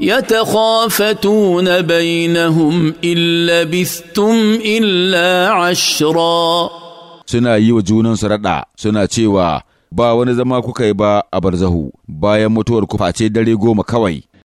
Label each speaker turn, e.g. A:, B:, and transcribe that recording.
A: يتخافتون بينهم إن لبثتم إلا عشرا suna yi wa junansu raɗa suna cewa
B: ba wani zama kuka yi ba a barzahu bayan mutuwar ku face dare goma kawai